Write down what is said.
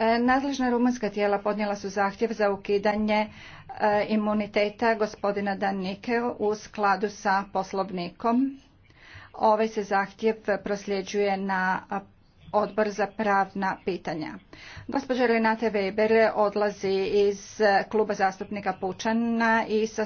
E, nadležna rumunska tijela podnijela su zahtjev za ukidanje e, imuniteta gospodina Danike u skladu sa poslovnikom. Ovaj se zahtjev prosljeđuje na odbor za pravna pitanja. Gospođa Renate Weber odlazi iz kluba zastupnika Pučana i sa